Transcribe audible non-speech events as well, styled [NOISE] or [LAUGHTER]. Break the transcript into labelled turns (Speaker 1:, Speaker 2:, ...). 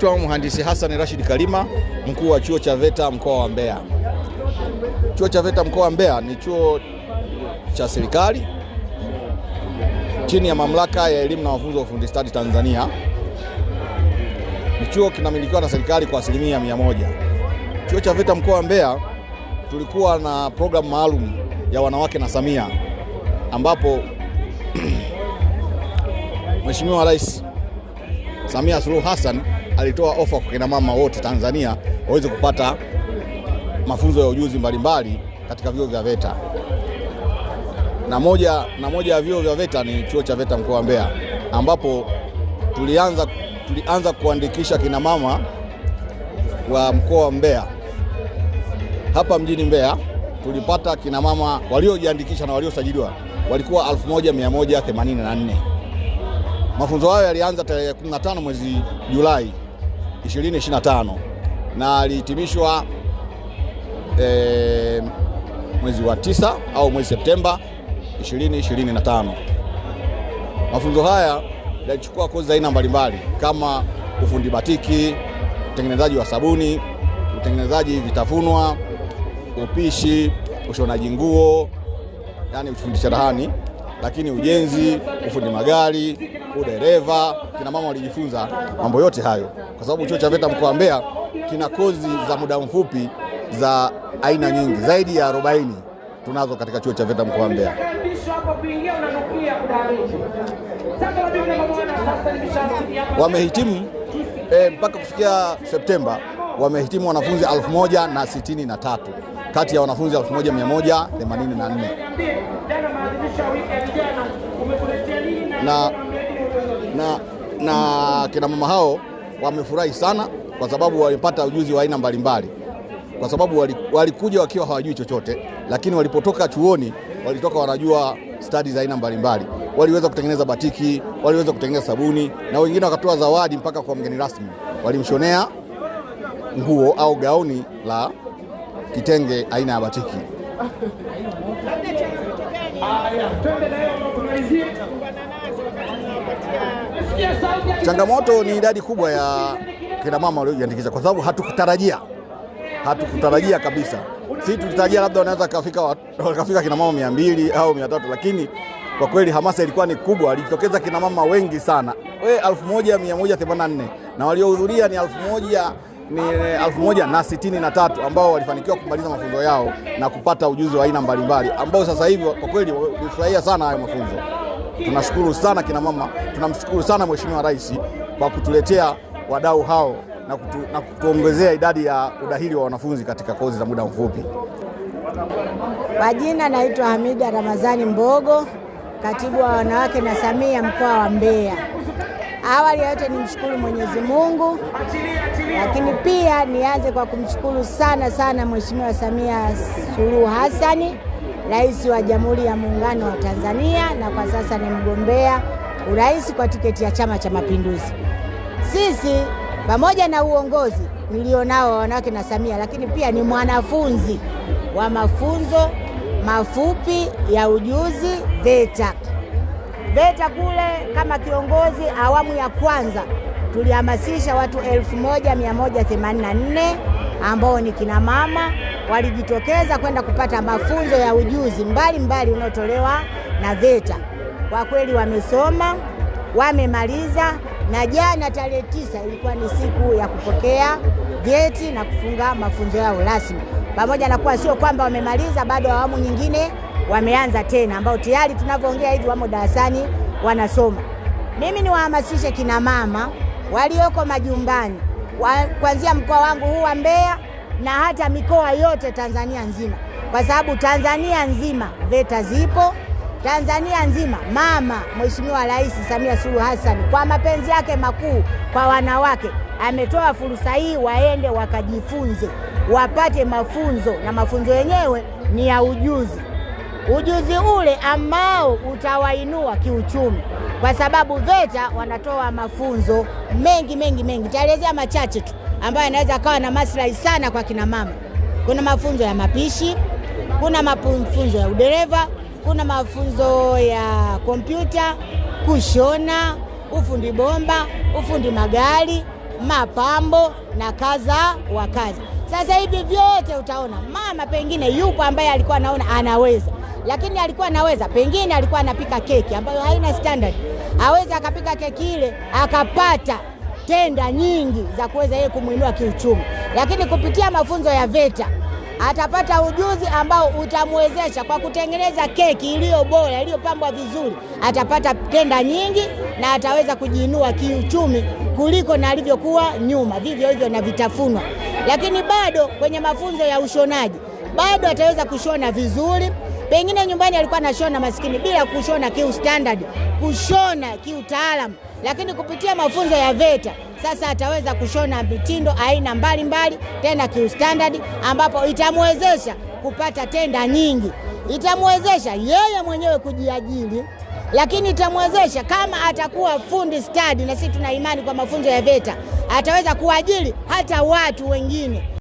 Speaker 1: Naitwa mhandisi Hassan Rashid Kalima, mkuu wa chuo cha VETA mkoa wa Mbeya. Chuo cha VETA mkoa wa Mbeya ni chuo cha serikali chini ya mamlaka ya elimu na mafunzo ya ufundi stadi Tanzania. Ni chuo kinamilikiwa na serikali kwa asilimia mia moja. Chuo cha VETA mkoa wa Mbeya tulikuwa na programu maalum ya wanawake na Samia, ambapo [CLEARS THROAT] Mheshimiwa Rais Samia Suluhu Hassan alitoa ofa kwa kina mama wote Tanzania waweze kupata mafunzo ya ujuzi mbalimbali katika vyuo vya VETA na moja, na moja ya vyuo vya VETA ni chuo cha VETA mkoa wa Mbeya ambapo tulianza, tulianza kuandikisha kina mama wa mkoa wa Mbeya hapa mjini Mbeya tulipata kina mama waliojiandikisha na waliosajiliwa walikuwa 1184. Mafunzo hayo yalianza tarehe 15 mwezi Julai 2025 na alihitimishwa e, mwezi wa tisa au mwezi Septemba 2025. Mafunzo haya yalichukua kozi za aina mbalimbali kama ufundi batiki, utengenezaji wa sabuni, utengenezaji vitafunwa, upishi, ushonaji nguo, yani ufundi cherehani lakini ujenzi, ufundi magari, udereva, kina mama walijifunza mambo yote hayo, kwa sababu chuo cha VETA mkoa wa Mbeya kina kozi za muda mfupi za aina nyingi zaidi ya 40 tunazo katika chuo cha VETA mkoa wa Mbeya. Wamehitimu e, mpaka kufikia Septemba wamehitimu wanafunzi 1063 kati ya wanafunzi 1184 na, na, na kina mama hao wamefurahi sana kwa sababu walipata ujuzi wa aina mbalimbali, kwa sababu walikuja wakiwa hawajui chochote, lakini walipotoka chuoni walitoka wanajua stadi za aina mbalimbali. Waliweza kutengeneza batiki, waliweza kutengeneza sabuni, na wengine wakatoa zawadi mpaka kwa mgeni rasmi, walimshonea nguo au gauni la kitenge aina ya batiki. [LAUGHS] Changamoto ni idadi kubwa ya kina mama waliojiandikisha, kwa sababu hatukutarajia, hatukutarajia kabisa. si tulitarajia labda wanaweza kafika, wakafika kina mama mia mbili au mia tatu lakini kwa kweli hamasa ilikuwa ni kubwa, alijitokeza kina mama wengi sana, we 1184 na waliohudhuria ni 1100 ni eh, elfu moja na sitini na tatu ambao walifanikiwa kumaliza mafunzo yao na kupata ujuzi wa aina mbalimbali ambao sasa hivi kwa kweli wamefurahia sana hayo mafunzo. Tunashukuru sana kina mama, tunamshukuru sana Mheshimiwa Rais kwa kutuletea wadau hao na, kutu, na kutuongezea idadi ya udahili wa wanafunzi katika kozi za muda mfupi.
Speaker 2: Kwa jina naitwa Hamida Ramazani Mbogo, katibu wa wanawake na Samia mkoa wa Mbeya. Awali ya yote mshukuru Mwenyezi Mungu, lakini pia nianze kwa kumshukuru sana sana Mheshimiwa Samia Suluhu hasani rais wa Jamhuri ya Muungano wa Tanzania, na kwa sasa ni mgombea urais kwa tiketi ya Chama cha Mapinduzi. Sisi pamoja na uongozi nilionao wa wanawake na Samia, lakini pia ni mwanafunzi wa mafunzo mafupi ya ujuzi VETA. VETA kule kama kiongozi awamu ya kwanza tulihamasisha watu 1184 ambao ni kina mama walijitokeza kwenda kupata mafunzo ya ujuzi mbalimbali unaotolewa na VETA. Kwa kweli wamesoma, wamemaliza na jana tarehe tisa ilikuwa ni siku ya kupokea vyeti na kufunga mafunzo yao rasmi. Pamoja na kuwa sio kwamba wamemaliza, bado awamu nyingine wameanza tena, ambao tayari tunavyoongea hivi wamo darasani wanasoma. Mimi niwahamasishe kina mama walioko majumbani wa, kuanzia mkoa wangu huu wa Mbeya na hata mikoa yote Tanzania nzima, kwa sababu Tanzania nzima VETA zipo Tanzania nzima. Mama Mheshimiwa Rais Samia Suluhu Hassan kwa mapenzi yake makuu kwa wanawake ametoa fursa hii, waende wakajifunze, wapate mafunzo, na mafunzo yenyewe ni ya ujuzi ujuzi ule ambao utawainua kiuchumi, kwa sababu VETA wanatoa mafunzo mengi mengi mengi. Nitaelezea machache tu ambayo yanaweza akawa na maslahi sana kwa kina mama. Kuna mafunzo ya mapishi, kuna mafunzo ya udereva, kuna mafunzo ya kompyuta, kushona, ufundi bomba, ufundi magari, mapambo na kaza wa kazi Sasa hivi vyote utaona mama pengine yupo ambaye alikuwa anaona anaweza lakini alikuwa anaweza, pengine alikuwa anapika keki ambayo haina standard, aweza akapika keki ile akapata tenda nyingi za kuweza yeye kumwinua kiuchumi, lakini kupitia mafunzo ya VETA atapata ujuzi ambao utamwezesha kwa kutengeneza keki iliyo bora iliyopambwa vizuri, atapata tenda nyingi na ataweza kujiinua kiuchumi kuliko na alivyokuwa nyuma. Vivyo hivyo na vitafunwa, lakini bado kwenye mafunzo ya ushonaji bado ataweza kushona vizuri Pengine nyumbani alikuwa anashona maskini bila kushona standard, kushona kiutaalamu, lakini kupitia mafunzo ya VETA sasa ataweza kushona mitindo aina mbalimbali mbali, tena standard, ambapo itamwezesha kupata tenda nyingi, itamwezesha yeye mwenyewe kujiajiri lakini itamwezesha kama atakuwa fundi stadi, na sisi tuna imani kwa mafunzo ya VETA ataweza kuajiri hata watu wengine.